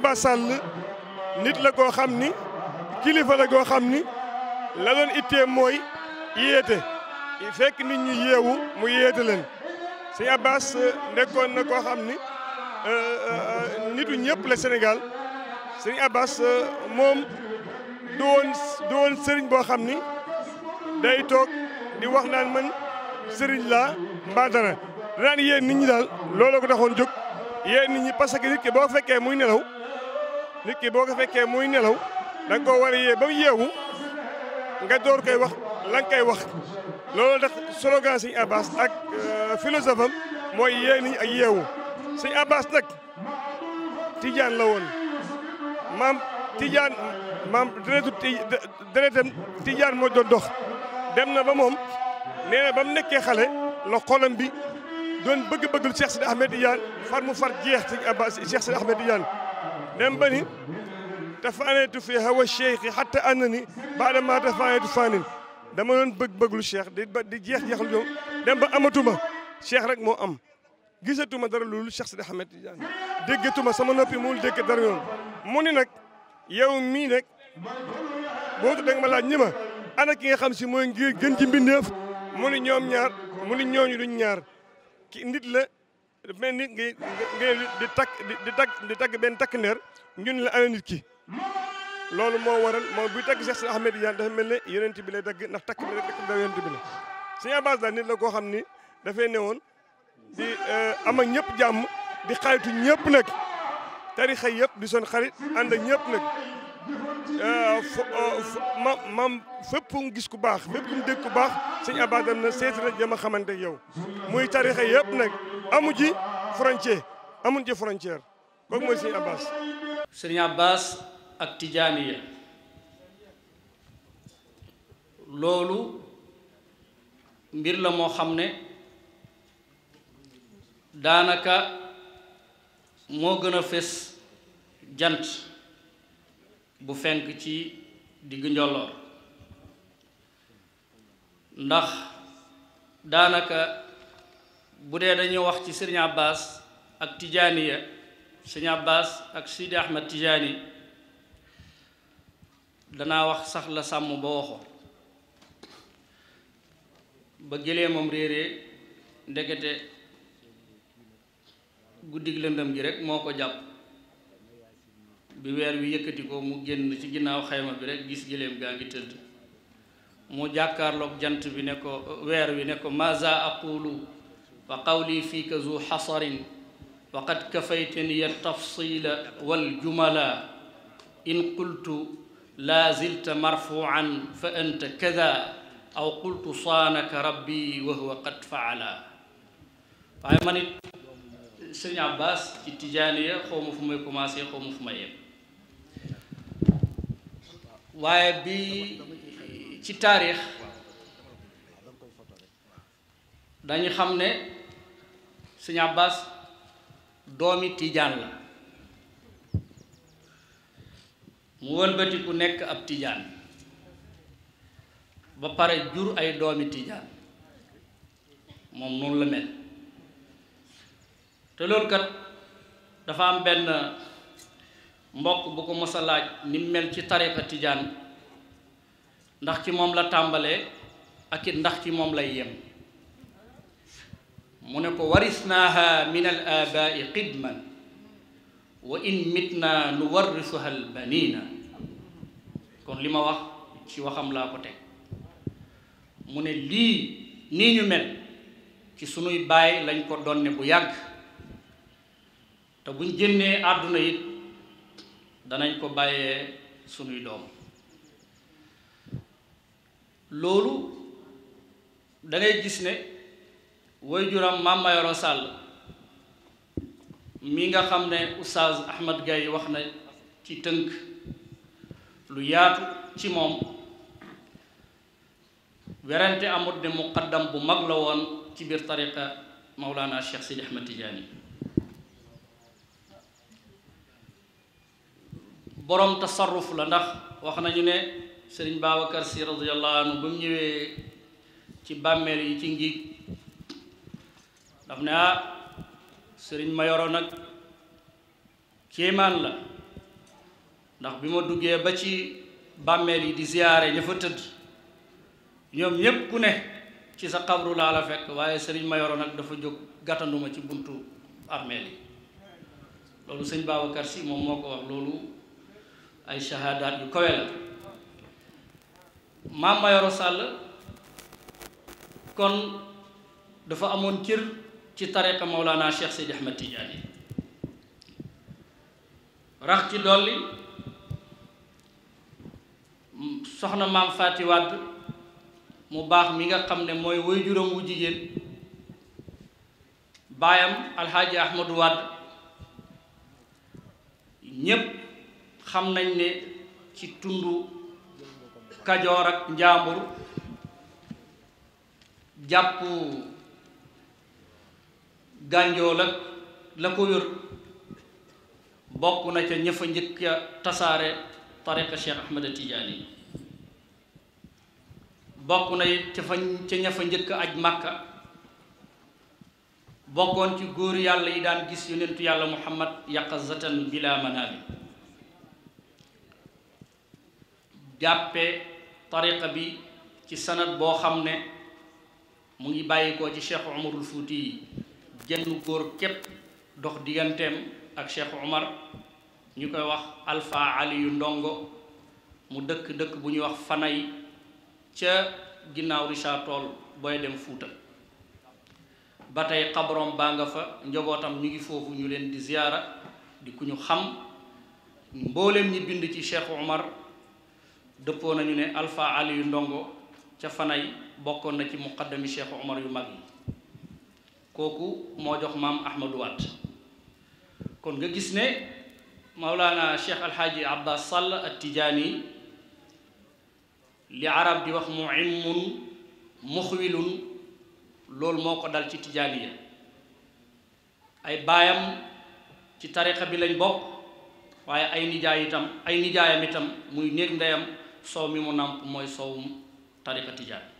Keba Sall nit la go xamni kilifa la go xamni la doon ittee mooy yéete fekk nit ñi yeewu mu yété leen sëñ Abbas euh, nekkon na ko xamni euh, euh nitu ñepp la Sénégal sëñ Abbas euh, mom doon doon du bo xamni boo ni day di wax naan man sëriñ la mbaa ran danaan nit ñi dal looloo ko taxoon jóg yéen nit ñi parce que nit ki boo fekkee muy nelaw nit ki boo ko fekkee muy nelaw da nga koo war a yee ba mu yeewu nga door koy wax la nga koy wax loolu tax slogan Sëñ Abbas ak euh, philosophe am mooy yee nit ñi ak yeewu Sëñ Abbas nag tijaan la woon maam tijaan maam deretu tijaan moo doon dox dem na ba moom nee na ba mu nekkee xale la xolam bi doon bëgg-bëggul Cheikh Sidi Ahmed Tidiane far mu far jeex Sëñ Abbas Cheikh Sidi Ahmed Tidiane دمبني تفانيت فيها والشيخ حتى أنني بعد ما تفانيت فانين dama doon bëgg bëgglu cheikh di ba di jeex jeexlu ñoom dem ba amatuma cheikh rek moo am gisatuma dara loolu cheikh Sidi Ahmed Tidiane déggatuma sama noppi muul dégg dara yoon mu ni nag yow mii nag bootu da ma laaj ñi ma ana ki nga xam si mooy ngir gën ci mbindeef mu ni ñoom ñaar mu ni ñooñu duñ ñaar ki nit la mel ni ngi ngay di takk di takk di takk benn takk ndeer ñun la ana nit ki loolu moo waral moo buy takk Cheikh Ahmed Tidiane dafa mel ne yonent bi lay tagg ndax takk bi rek da yonent bi la Sëñ Abbas daal nit la koo xam ni dafay newoon di euh, am ak ñëpp jàmm di xaritu ñëpp nag tarixa yëpp di son xarit ànd ak ñëpp nag Euh, euh, ma maam gis ku baax fépp mu dégg ku baax sëñ Abba dem na seeti na jëm a xamante yow muy tarixa yëpp nag amu ci frontière amuñ ci frontière kooku mooy sëñ Abbas sëñ Abbas ak Tijaaniya loolu mbir la moo xam ne daanaka moo gën a fés jant bu fenk ci digg njolloor ndax danaka budé dañu wax ci ya, abbas ak ya serigne abbas ak sidi ahmed tijaani dana wax sax la sam bo waxo ba gele mom rere ndekete guddig lendam gi rek moko japp bi weer wi yëkkati ko mu génn ci ginnaaw xayma bi rek gis gëléem gaa ngi tëdd mu jàkkaarloog jant bi ne ko weer wi ne ko maza aqulu fa qawli fiika zu xasarin wa qad kafaytani altafsila waljumala in qultu la zilta marfuan fa anta kada aw qultu saanaka rabbi wa huwa qad faala waaye man it Abbas ci tijaaniya xaw ma fu commencé xaw ma waaye bii ci taarix dañu xam ne sëñ Abbas doomi tiijaan la mu ku nekk ab tiijaan ba pare jur ay doomi tijaan moom noonu la mel te loolu kat dafa am benn mbokk bu ko mos a laaj ni mel ci tariqa tijaan ndax ci moom la tàmbalee ak it ndax ci moom lay yem mu ne ko warisnaaha min al abaai qidman wa in mitna nu warrisuha al banina kon li ma wax ci waxam laa ko teg mu ne lii nii ñu mel ci sunuy baay lañ ko donne bu yàgg te buñ génnee àdduna it danañ ko bàyyee sunuy doom loolu dangay gis ne way juram Mame Mayoro Sall mi nga xam ne oustaz Ahmad Gaye wax na ci tënk lu yaatu ci moom werante amut ne muqaddam bu mag la woon ci biir tariqa Maulana Cheikh Sidi Ahmad Tidiane borom tasarruf la ndax wax nañu ne sëriñ Babacar si radiyallahu anhu ba mu ñëwee ci bàmmeel yi ci ngiig daf ne ah sëriñ ma yoro nag kéemaan la ndax bi ma duggee ba ci bàmmeel yi di ziyaare ña tëdd ñoom ñépp ku ne ci sa xabru laa la fekk waaye sëriñ ma yoro dafa jóg gàttanduma ci buntu armeel yi loolu sëñ Babacar karsi moom moo ko wax loolu ay shahadat yu kawe la yoro Sall kon dafa amoon kir ci tariqa maulana Cheikh Seydi Ahmed Tidiane rax ci doli soxna mam fati wad mu bax mi nga xamne moy mooy wu jigéen xam nañ ne ci tund kajoor ak njaambur jàpp gànjool ak la ko wér bokk na ca ñëfa njëkk a tasaare tariqa Cheikh Ahmed Tidiane bokk na ca fa ca ñëfa njëkk aj màkka bokkoon ci góor yàlla yi daan gis yonentu yàlla Muhammad yaqazatan bila manaabi jappé tariqa bi ci sanad bo xamné mu ngi bàyyikoo ci cheikh umarul al fouti jenn góor kep dox digantem ak cheikh umar ñukoy wax alfa ali ndongo mu dekk dekk bu ñu wax fanay ca ginnaw Richard Toll boy dem fouta batay qabrom ba nga fa njobotam ñu ngi fofu ñu len di ziyara di ku xam ñi bind ci cheikh umar dëppoo nañu ne Alpha yu Ndongo ca Fanay bokkoon na ci muqaddami Cheikh Omar yu mag yi kooku moo jox maam Ahmadou kon nga gis ne Maulana Cheikh Alxaaji Abbas Sall at-Tijaani li arab di wax mu immun muxwilun loolu moo ko dal ci yi ay baayam ci tariqa bi lañ bokk waaye ay nijaay itam ay nijaayam itam muy néeg ndeyam soow mi mu nàmp mooy soow tariqa tijaan